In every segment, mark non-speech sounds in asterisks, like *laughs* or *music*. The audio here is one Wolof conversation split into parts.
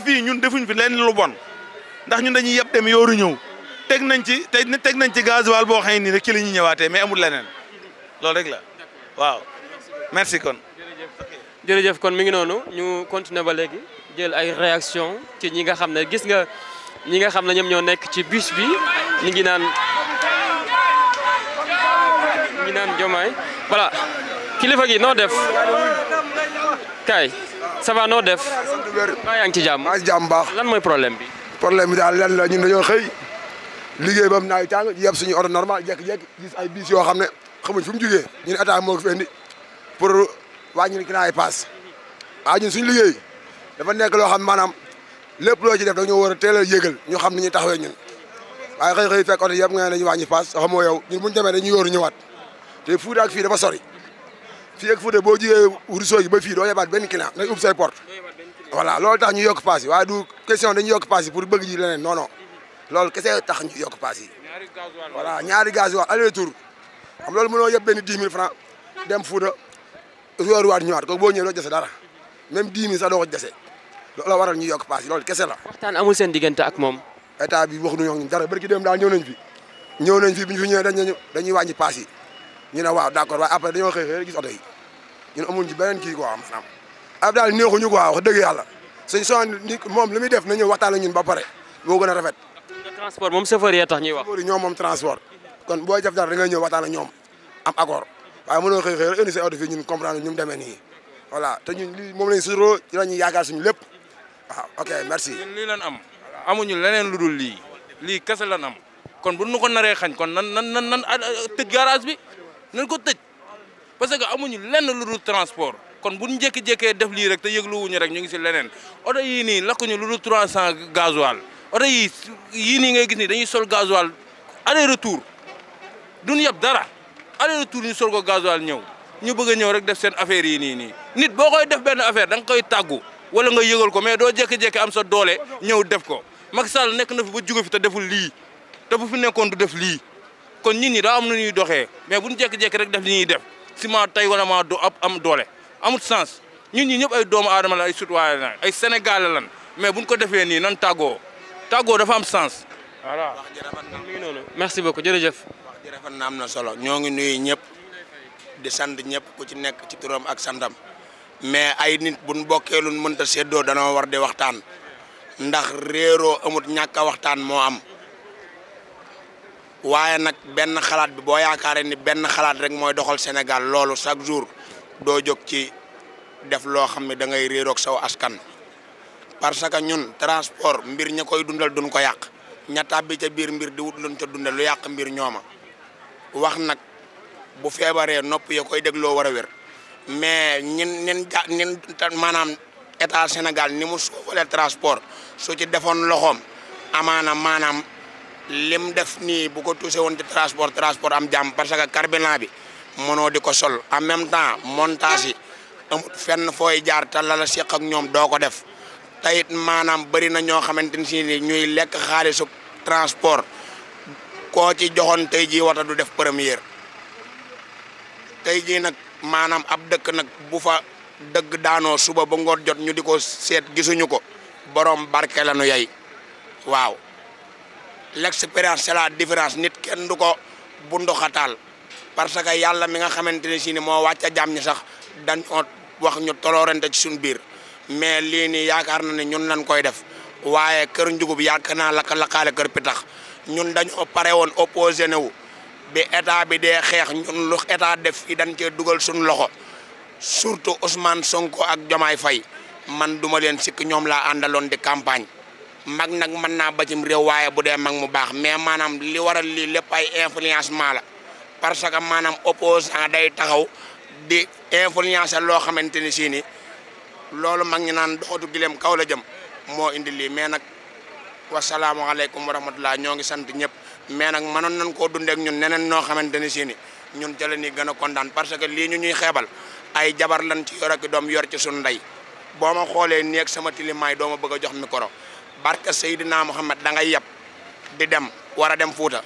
te ñun defuñ fi leen lu bon ndax ñun dañuy yeb dem yooru ñëw teg nañ ci tey teg nañ ci gasoil boo xam ne nii rek ci la ñuy ñëwaatee mais amul leneen loolu rek la waaw merci kon. jërëjëf kon mi ngi noonu ñu continuer ba léegi jël ay réaction ci ñi nga xam ne gis nga ñi nga xam ne ñoom ñoo nekk ci bus bi ñu ngi naan ñu naan jomaay voilà kilifa gi noo def kaay. ça va noo def. waaw yaa ngi ci jàmm. baax. lan mooy problème bi. problème bi daal lenn la ñun dañoo xëy liggéey ba mu naaj tàng yeb suñu oto normal jékki-jékki gis ay bis yoo xam ne xamuñ fu mu jugee. ñun état moo ko fi indi pour wàññi client yi paas ah ñun suñ liggéey dafa nekk loo xam maanaam lépp loo ci def dañoo war a teel a yëgal ñu xam ni ñuy taxawee ñun waaye xëy xëy fekk oto yëpp nga ne dañuy o paas xamoo yow ñun bu ñu demee ñu yóoru ñëwaat te Fuuta ak fii dafa sori fii ak Fouta boo jugee Rousseau gi ba fii doo yebaat benn client nañ ubbi say porte voilà loolu tax ñu yokk paas yi waaye du question dañu yokk paas yi pour bëgg ji leneen non loolu kese tax ñu yokk paas yi ñaari gasoil aller retour xam loolu mënoo yeb benn 10 000 francs dem Fouta weer waat ñëwaat ko boo ñëwee doo jase dara même 10 sa sax doo ko jase loolu la waral ñu yokk paas lool loolu kese la. waxtaan amul seen diggante ak moom. état bi wax nu ñoo dara barki dem daal ñëw nañ fi ñëw nañ fi bi ñu fi ñëwee dañuy dañuy wàññi paas yi. ñu ne waaw d' accord waaye après dañoo xëy xëy gis oto yi ñun amuñ ci beneen kii quoi maanaam ab daal neexuñu quoi wax dëgg yàlla suñ moom li muy def nañu waxtaan ak ñun ba pare moo gën moom chauffeur yee tax ñuy wax. ñoom moom transport kon booy def dara da ngay ñëw waxtaan ak ñoom am accord waaye mënoo xëy xëy indi sa oto fii ñun comprendre ñu mu demee nii te ñun moom la ñuy yaakaar suñu lépp waaw ñun lii lan am ah, bi nañ ko tëj parce que amuñu lenn lu dul transport kon bu ñu jékki-jékkee def lii rek te yëgluwuñu rek ñu ngi si leneen oto yii nii lakkuñu lu dul 300 gasoil oto yii yii nii ngay gis nii dañuy sol gasowal aller retour duñ yab dara aller retour ñu sol ko gasoil ñëw ñu bëgg a ñëw rek def seen affaire yi nii nii nit boo koy def benn affaire da nga koy tàggu wala nga yëgal ko mais doo jékki-jékki am sa doole ñëw def ko mag Sall nekk na fi ba jóge fi te deful lii te bu fi nekkoon du def lii. kon nit ñi daa am na ñuy doxee mais bu ñu jékki-jékki rek def li ñuy def si ma tey wala ma do am doole amut sens ñun ñi ñëpp ay doomu aadama la ay citoyen la ay sénégalais lan mais bu ñu ko defee nii nan tàggoo tàggoo dafa am sens. voilà merci beaucoup jërëjëf. wax na am na solo ñoo ngi nuyu ñëpp di sant ñëpp ku ci nekk ci turam ak santam mais ay nit bu ñu bokkee lu ñu mënta séddoo danoo war de waxtaan ndax réeroo amut ñàkk waxtaan moo am. waaye nag benn xalaat bi boo yaakaaree ni benn xalaat rek mooy doxal Sénégal loolu chaque jour doo jog ci def loo xam ne da ngay saw askan. parce que ñun transport mbir ña koy dundal duñ ko yàq ña tàbbi ca biir mbir di wut luñ ca dundal lu yàq mbir ñooma wax nag bu feebaree nopp ya koy dégloo war a wér mais ñin ñin maanaam état Sénégal ni mu suufalee transport su ci defoon loxoom amaana maanaam. lim def nii bu ko touché woon ci transport transport am jàmm parce que carburant bi mënoo di ko sol en même temps montage yi fenn fooy jaar te la la ak ñoom doo ko def te it maanaam bëri na ñoo xamante ni si ni ñuy lekk xaalisu transport koo ci joxoon tey jii wata du def première tey jii nag maanaam ab dëkk nag bu fa dëgg daanoo suba ba ngoon jot ñu di ko seet gisuñu ko borom barke la nu yay waaw l'expérience c'est la différence nit kenn du ko bu ndoxataal parce que yàlla mi nga xamante ne si ni moo wàcc a jàmm ñi sax dañoo wax ñu toloorante ci suñu biir mais lii nii yaakaar na ne ñun lañ koy def waaye kër njugub yaakaar naa laka lakaale kër pitax ñun dañoo pare woon opposé ne wu bi état bi de xeex ñun état def dañ cee dugal suñu loxo surtout Ousmane Sonko ak Diomaye fay man duma leen sikk ñoom laa àndaloon di campagne mag nag mën naa bacim réew waaye bu dee mag mu baax mais maanaam li waral lii lépp ay influencement la parce que maanaam opposant day taxaw di influencer loo xamante ni si ni loolu mag ñu naan doxatu gileem kaw la jëm moo indi lii mais nag wasalaamaaleykum wa rahmatulah ñoo ngi sant ñëpp mais nag mënoon nañ koo dundeek ñun neneen noo xamante ni si ni ñun ca la ñuy gën a kontaan parce que lii ñu ñuy xeebal ay jabar lan ci yor doom yor ci suñu ndey boo ma xoolee nii ak sama tilimaay doo ma bëgg a jox micro. barka Seydina Muhammad da ngay yab di dem war a dem Fuuta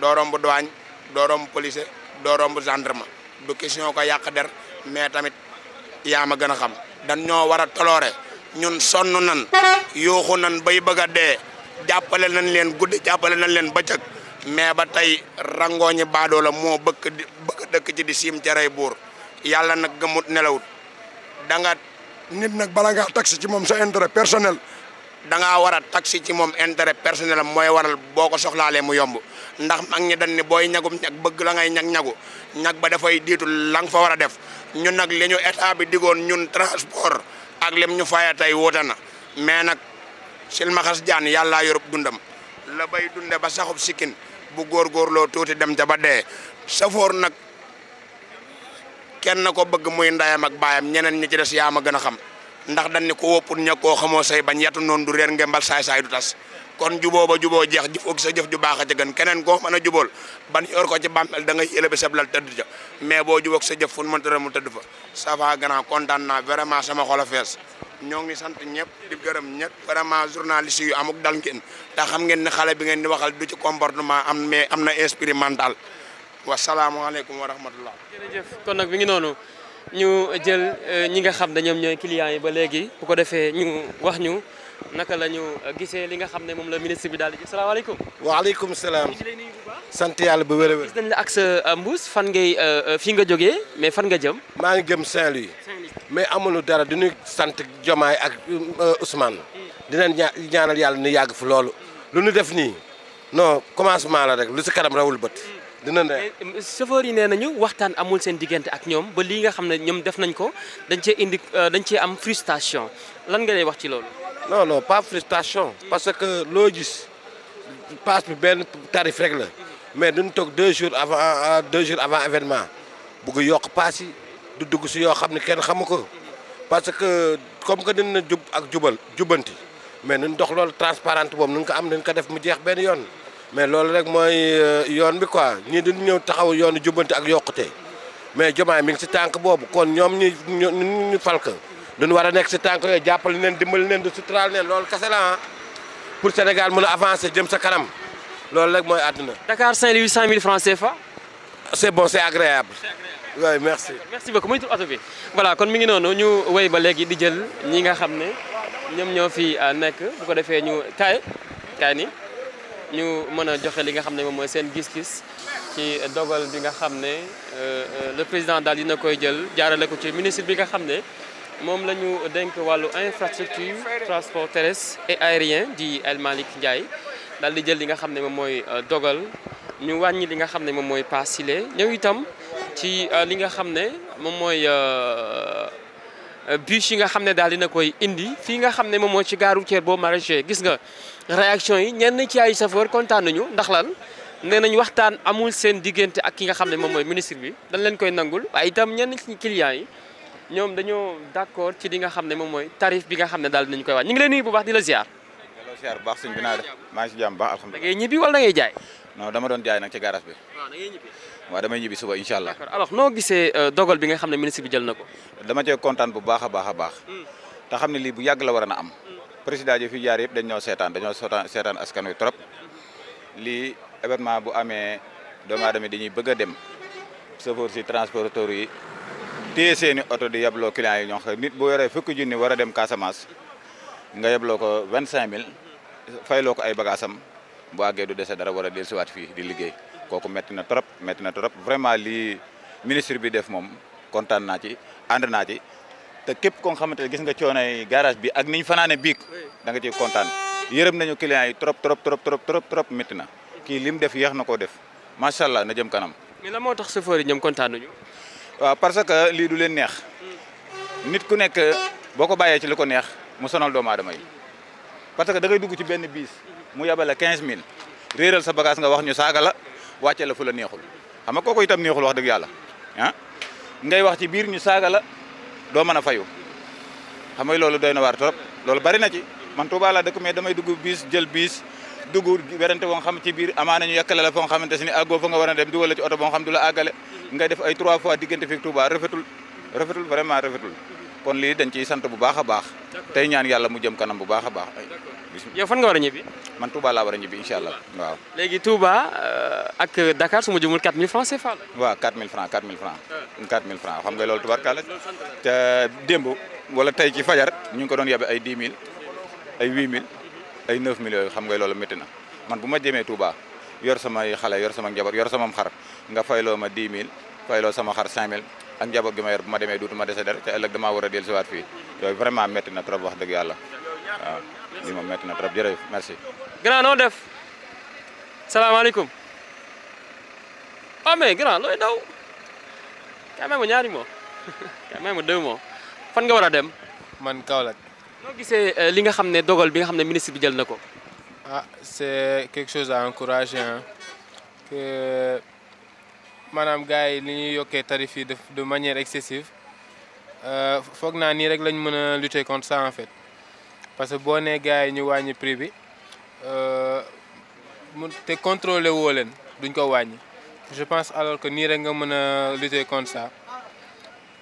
doo romb douane doorom romb police doo romb gendarme du question ko yàq der mais tamit yaam a gën a xam dan ñoo war a toloore ñun sonn nan yuuxu nan bay bëgg a dee jàppale nañ leen guddi jàppale nañ leen ba bëccëg mais ba tey rangooñi baadoo la moo bëgg di dëkk ci di siim jaray rey buur yàlla nag gëmut nelawut da nga nit nag bala ngaa tax ci moom sa intérêt personnel da ngaa war a taxi ci moom intérêt personnel am mooy waral boo ko soxlaalee mu yomb ndax mag ñi dañ ni booy ñagum ñag bëgg la ngay ñag-ñagu ñag ba dafay diitu la nga fa war a def ñun nag li ñu bi digoon ñun transport ak lim ñu faya tey wóote na mais nag silmaxas jaan yàllaa yorub dundam la bay dunde ba saxub sikkin bu góor góorgóorloo tuuti dem ca ba dee safoor nag kenn ko bëgg muy ndayam ak baayam ñeneen ñi ci des yaa ma gën a xam ndax dañ ne ko wopput ña koo xamoo say bañ yatu noon du reer ngembal saay-saay du tas kon juboo ba juboo jeex jëf ak sa jëf ju baax a ca keneen ko mën a jubóol ban yor ko ci bàmmeel da ngay élevé sablal tëdd ca mais boo jubóog sa jëf fu mu mënta mu tëdd fa ça va gannaaw naa vraiment sama xol a fees ñoo ngi sant ñëpp di gërëm ñëpp vraiment journaliste yu amuk dal ngeen tax xam ngeen ne xale bi ngeen di waxal du ci comportement am mais am na esprit mental wa rahmatullah jërëjëf kon nag mi ñu jël euh, ñi nga xam ne ñoom ñooy clients yi ba léegi bu ko defee ñu wax ñu naka la ñu gisee li nga xam ne moom la ministre bi daal di ji salaamaaleykum. waaleykum salaam. sant yàlla ba wér a wér. gis nañ la ak sa euh, mbuus fan ngay euh, fii nga jógee mais fan nga jëm. maa ngi jëm saint luy mais amulu dara du ñu sant Jomaay ak Ousmane. Hmm. dinañ ñaanal yàlla nu yàgg fu loolu. Hmm. lu ñu def nii non commencement la rek lu si kanam rawul bët. Hmm. dina ne eh, eh, chauffeur yi nee nañu waxtaan amul seen diggante ak ñoom ba lii nga xam ne ñoom def nañ ko dañ cee indi euh, dañ cee am frustration lan nga lay wax ci loolu. non non pas frustration parce que loo gis passe bi benn tarif rek la mais duñ toog deux jours avant euh, euh, deux jours avant événement bugg yokk pas yi du dugg si yoo xam ne kenn xamu ko parce que comme que dina jub ak jubal jubanti mais nuñ dox loolu transparente boobu nuñ ko am dañ ko def mu jeex benn yoon. mais loolu rek mooy euh, yoon bi quoi ñii dañu ñëw taxaw yoonu jubbante ak yokkute mais Diomaye mi ngi si tànk boobu kon ñoom ñi ñu falka duñu war a nekk si tànk yooyu jàppale leen dimbali neen du suturaal leen loolu kese la ah. pour Sénégal mën a avancer jëm sa kanam loolu rek mooy àdduna. Dakar Saint-Louis 100000 francs CFA. c'est bon c'est agréable. waaw merci merci beaucoup muy tur oto bi voilà kon mi ngi noonu ñu wéy ba léegi di jël ñi nga xam ne ñoom ñoo fi euh, nekk bu ko defee ñu kaay kaay nii. ñu mën a joxe li nga xam ne moom mooy seen gis-gis ci dogal bi nga xam ne euh, euh, le président daal dina koy jël jaarale ko ci ministre bi nga xam ne moom la ñu dénk wàllu infrastructure transport terrestre et aérien di El Malick Ndiaye daal di jël li nga xam ne moom mooy euh, dogal ñu wàññi li nga xam ne moom mooy paas sile ñëw itam ci li nga xam ne moom mooy Euh, bus yi nga xam ne daal dina koy indi fii nga xam ne moom moo ci gaaru routière boo maraîcher gis nga réaction yi ñenn ci ay chauffeur kontaan nañu ndax lan ne nañu waxtaan amul seen diggante ak ki nga xam ne moom mooy ministre bi dañ leen koy nangul waaye itam ñenn ci clients yi ñoom dañoo d'accord ci li nga xam ne moom mooy tarif bi nga xam ne daal dinañ koy wax ñu ngi leen nuyu bu baax di la ziar. delloo ziar bu baax sëñ bi naa def maa si jàmm baax alhamdulilah. ngay ñibbi wala da ngay jaay. non dama doon jaay nag ci garage bi. waaw damay ñibbi suba incha allah. alors noo gisee euh, dogal bi nga xam ne ministre bi jël na ko. dama cee kontaan bu baax a baax a baax. Hmm. te xam ne lii bu yàgg la war a am. Hmm. président ji fi jaar yëpp dañ seetaan dañoo seetaan seetaan askan wi trop lii événement bu amee doomu aadama dañuy bëgg a dem chauffeur si transporteur yi téye seeni oto di yabloo clients yi ñoo xam nit bu yoree fukki ni war a dem Casamance nga yabloo ko vingt cinq mille fayloo ko ay bagaasam bu àggee du dese dara war a dellusiwaat fii di liggéey. kooku metti na trop metti na trop vraiment lii ministre bi def moom kontaan naa ci ànd naa ci te képp koo xamante ne gis nga coonoy garage bi ak ni fanaane biig da nga ciy kontaan yërëm nañu clients yi trop trop trop trop trop trop métti na kii li mu def yéex na koo def macha allah na jëm kanam. mais la moo tax chauffeur yi ñoom kontaan nañu. waaw parce que lii du leen neex nit ku nekk boo ko bàyyee ci li ko neex mu sonal doomu aadama yi parce que da ngay dugg ci benn biis mu yabale 15000 réeral wàcce la fu la neexul xam nga kooku itam neexul wax dëgg yàlla ah ngay wax ci biir ñu saaga la doo mën a fayu xam nga loolu doy na waar trop loolu bari na ci man Touba laa dëkk mais damay dugg biis jël biis dugg werante boo xam ci biir amaana ñu yàkkale la foo xamante si ni àggoo fa nga war a dem dugal oto boo xam du la àggale ngay def ay trois fois diggante fi Touba rafetul rafetul vraiment rafetul kon lii dañ ciy sant bu baax a baax tey ñaan yàlla mu jëm kanam bu baax a baax yow fan nga war a ñibbi. man Touba laa war a ñibbi incha allah waaw. léegi Touba euh, ak euh, Dakar su ma jëmul 4000 francs CFA la. waaw 4000 francs 4000 francs francs xam nga loolu tubarkaale te démb wala tey ci fajar ñu ngi ko doon yabe ay 10000 ay 8000 ay 9000 yooyu xam nga loolu métti na man bu ma jëmee Touba yor samay xale yor sama njaboot yor sama xar nga fayloo ma 10000 fayloo sama xar 5000 ak njaboot gi ma yor bu ma demee duutuma dese dara te ëllëg war a dellusiwaat fii yooyu vraiment métti na trop wax dëgg yàlla. moom métti na trop jërëjëf merci. grand noo def salaamaaleykum ah mais grand looy daw kay may ñaari moo kay may ma moo *laughs* fan nga war a dem. man Kaolack. noo gisee euh, li nga xam ne dogal bi nga xam ne ministre bi jël na ko. ah c'est quelque chose à encourager hein que maanaam gars yi li ñuy yokkee tarif yi de de manière excessive euh, foog naa nii rek lañ mën a lutter contre ça en fait. parce que boo nee gars yi ñu wàññi prix bi euh, mu te contrôlé woo leen duñ ko wàññi je pense alors que nii rek nga mën a lutter contre ça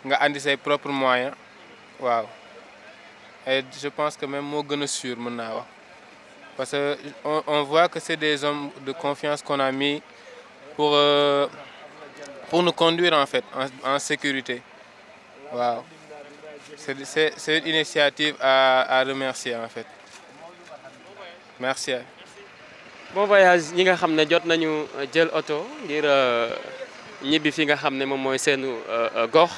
nga andi say propres moyens waaw et je pense que même moo gën a sûr mën naa wax parce que on on voit que c'est des hommes de confiance qu'on mi mis pour euh, pour nous conduire en fait en en sécurité waaw. C'est une initiative à, à remercier en fait. Merci. bon voyage ñi nga xam ne jot nañu euh, jël oto ngir euh, ñibbi fi nga xam ne moom mooy seenu euh, gox.